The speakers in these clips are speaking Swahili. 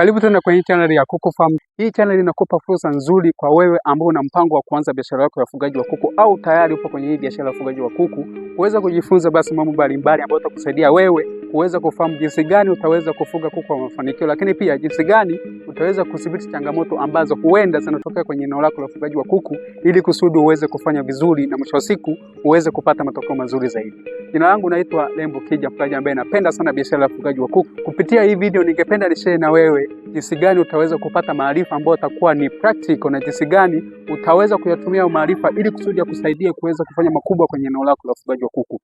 Karibu tena kwenye channel ya Kuku Farm. Hii chaneli inakupa fursa nzuri kwa wewe ambao una mpango wa kuanza biashara yako ya ufugaji wa kuku au tayari upo kwenye hii biashara ya ufugaji wa kuku, uweza kujifunza basi mambo mbalimbali ambayo utakusaidia wewe kuweza kufahamu jinsi gani utaweza kufuga kuku kwa mafanikio, lakini pia jinsi gani utaweza kudhibiti changamoto ambazo huenda zinatokea kwenye eneo lako la ufugaji wa kuku, ili kusudi uweze kufanya vizuri na mwisho wa siku uweze kupata matokeo mazuri zaidi. Jina langu naitwa Lembo Kija, mfugaji ambaye napenda sana biashara ya ufugaji wa kuku. Kupitia hii video, ningependa nishare na wewe jinsi gani utaweza kupata maarifa ambayo atakuwa ni practical na jinsi gani utaweza kuyatumia maarifa ili kusudi ya kusaidia kuweza kufanya makubwa kwenye eneo lako la ufugaji wa kuku.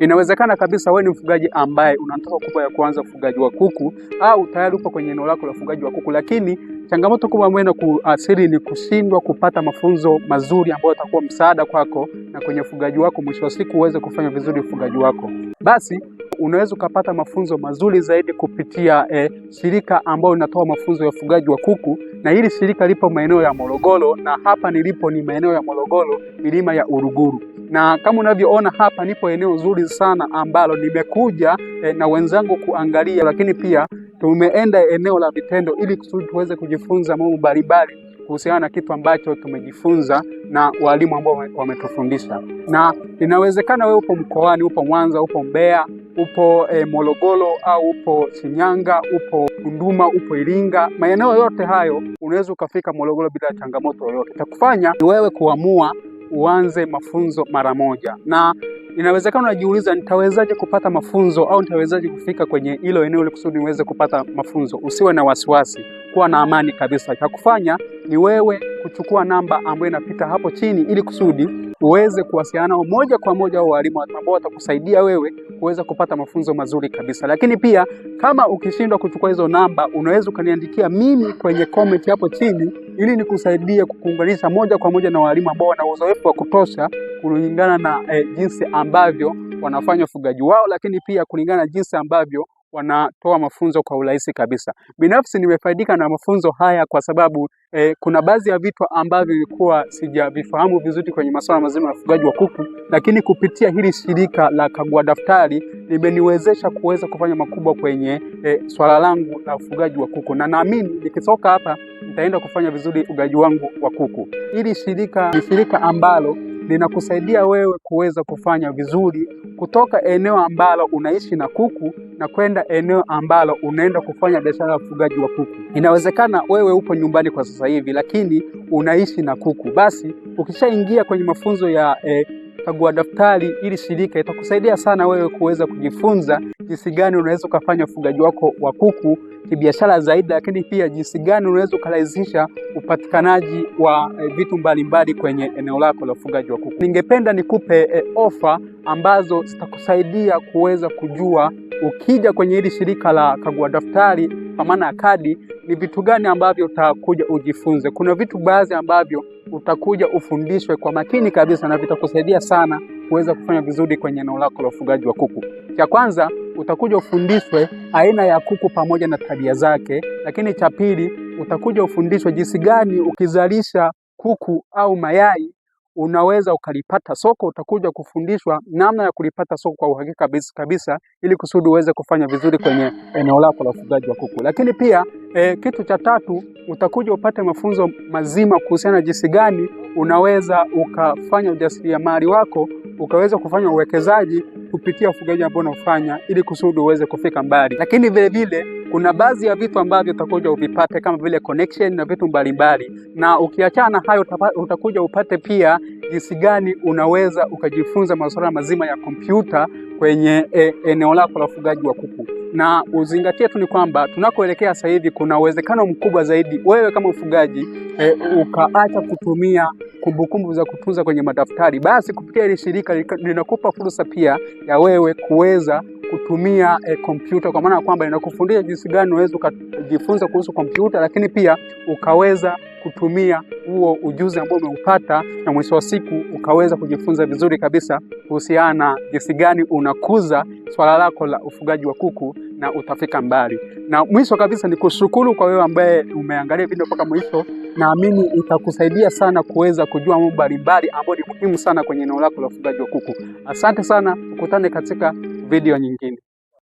Inawezekana kabisa wewe ni mfugaji ambaye unataka kubwa ya kuanza ufugaji wa kuku au tayari upo kwenye eneo lako la ufugaji wa kuku, lakini changamoto kubwa ambayo inakuathiri ni kushindwa kupata mafunzo mazuri ambayo yatakuwa msaada kwako na kwenye ufugaji wako, mwisho wa siku uweze kufanya vizuri ufugaji wako basi unaweza ukapata mafunzo mazuri zaidi kupitia eh, shirika ambayo linatoa mafunzo ya ufugaji wa kuku, na hili shirika lipo maeneo ya Morogoro, na hapa nilipo ni maeneo ya Morogoro, milima ya Uruguru na kama unavyoona hapa nipo eneo zuri sana ambalo nimekuja eh, na wenzangu kuangalia, lakini pia tumeenda eneo la vitendo ili kusudi tuweze kujifunza mambo mbalimbali kuhusiana na kitu ambacho tumejifunza na walimu ambao wametufundisha. Na inawezekana wewe upo mkoani, upo Mwanza, upo Mbeya, upo e, Morogoro au upo Shinyanga, upo Tunduma, upo Iringa, maeneo yote hayo unaweza ukafika Morogoro bila changamoto yoyote. Cha kufanya ni wewe kuamua uanze mafunzo mara moja, na inawezekana unajiuliza, nitawezaje kupata mafunzo au nitawezaje kufika kwenye hilo eneo ili kusudi niweze kupata mafunzo. Usiwe na wasiwasi, kuwa na amani kabisa. Cha kufanya ni wewe kuchukua namba ambayo inapita hapo chini, ili kusudi uweze kuwasiliana moja kwa moja au walimu ambao watakusaidia wewe kuweza kupata mafunzo mazuri kabisa. Lakini pia kama ukishindwa kuchukua hizo namba, unaweza ukaniandikia mimi kwenye comment hapo chini, ili nikusaidie kukuunganisha moja kwa moja na walimu ambao wana uzoefu wa kutosha kulingana na eh, jinsi ambavyo wanafanya ufugaji wao, lakini pia kulingana na jinsi ambavyo wanatoa mafunzo kwa urahisi kabisa. Binafsi nimefaidika na mafunzo haya kwa sababu eh, kuna baadhi ya vitu ambavyo nilikuwa sijavifahamu vizuri kwenye masuala mazima ya ufugaji wa kuku, lakini kupitia hili shirika la Kagua Daftari limeniwezesha kuweza kufanya makubwa kwenye eh, swala langu la ufugaji wa kuku, na naamini nikitoka hapa nitaenda kufanya vizuri ugaji wangu wa kuku. Hili shirika ni shirika ambalo linakusaidia wewe kuweza kufanya vizuri kutoka eneo ambalo unaishi na kuku na kwenda eneo ambalo unaenda kufanya biashara ya ufugaji wa kuku. Inawezekana wewe upo nyumbani kwa sasa hivi, lakini unaishi na kuku. Basi ukishaingia kwenye mafunzo ya eh, kagua daftari ili shirika itakusaidia sana wewe kuweza kujifunza jinsi gani unaweza ukafanya ufugaji wako wa kuku kibiashara zaidi, lakini pia jinsi gani unaweza ukarahisisha upatikanaji wa e, vitu mbalimbali kwenye eneo lako la ufugaji wa kuku. Ningependa nikupe e, ofa ambazo zitakusaidia kuweza kujua ukija kwenye hili shirika la kagua daftari kwa maana ya kadi, ni vitu gani ambavyo utakuja ujifunze. Kuna vitu baadhi ambavyo utakuja ufundishwe kwa makini kabisa, na vitakusaidia sana kuweza kufanya vizuri kwenye eneo lako la ufugaji wa kuku. Cha kwanza utakuja ufundishwe aina ya kuku pamoja na tabia zake, lakini cha pili utakuja ufundishwe jinsi gani ukizalisha kuku au mayai unaweza ukalipata soko. Utakuja kufundishwa namna ya kulipata soko kwa uhakika kabisa kabisa, ili kusudi uweze kufanya vizuri kwenye eneo lako la ufugaji wa kuku. Lakini pia e, kitu cha tatu utakuja upate mafunzo mazima kuhusiana na jinsi gani unaweza ukafanya ujasiriamali wako ukaweza kufanya uwekezaji kupitia ufugaji ambao unaofanya ili kusudi uweze kufika mbali, lakini vilevile kuna baadhi ya vitu ambavyo utakuja uvipate kama vile connection na vitu mbalimbali, na ukiachana hayo utakuja upate pia jinsi gani unaweza ukajifunza masuala mazima ya kompyuta kwenye eh, eneo lako la ufugaji wa kuku na uzingatie tu ni kwamba tunakoelekea sasa hivi kuna uwezekano mkubwa zaidi wewe kama mfugaji e, ukaacha kutumia kumbukumbu za kutunza kwenye madaftari. Basi kupitia hili shirika linakupa fursa pia ya wewe kuweza kutumia eh, kompyuta kwa maana ya kwamba inakufundisha jinsi gani unaweza ukajifunza kuhusu kompyuta, lakini pia ukaweza kutumia huo ujuzi ambao umeupata na mwisho wa siku ukaweza kujifunza vizuri kabisa kuhusiana jinsi gani unakuza swala lako la ufugaji wa kuku na utafika mbali. Na mwisho kabisa ni kushukuru kwa wewe ambaye umeangalia video mpaka mwisho. Naamini itakusaidia sana kuweza kujua mambo mbalimbali ambayo ni muhimu sana kwenye eneo lako la ufugaji wa kuku. Asante sana, ukutane katika video nyingine.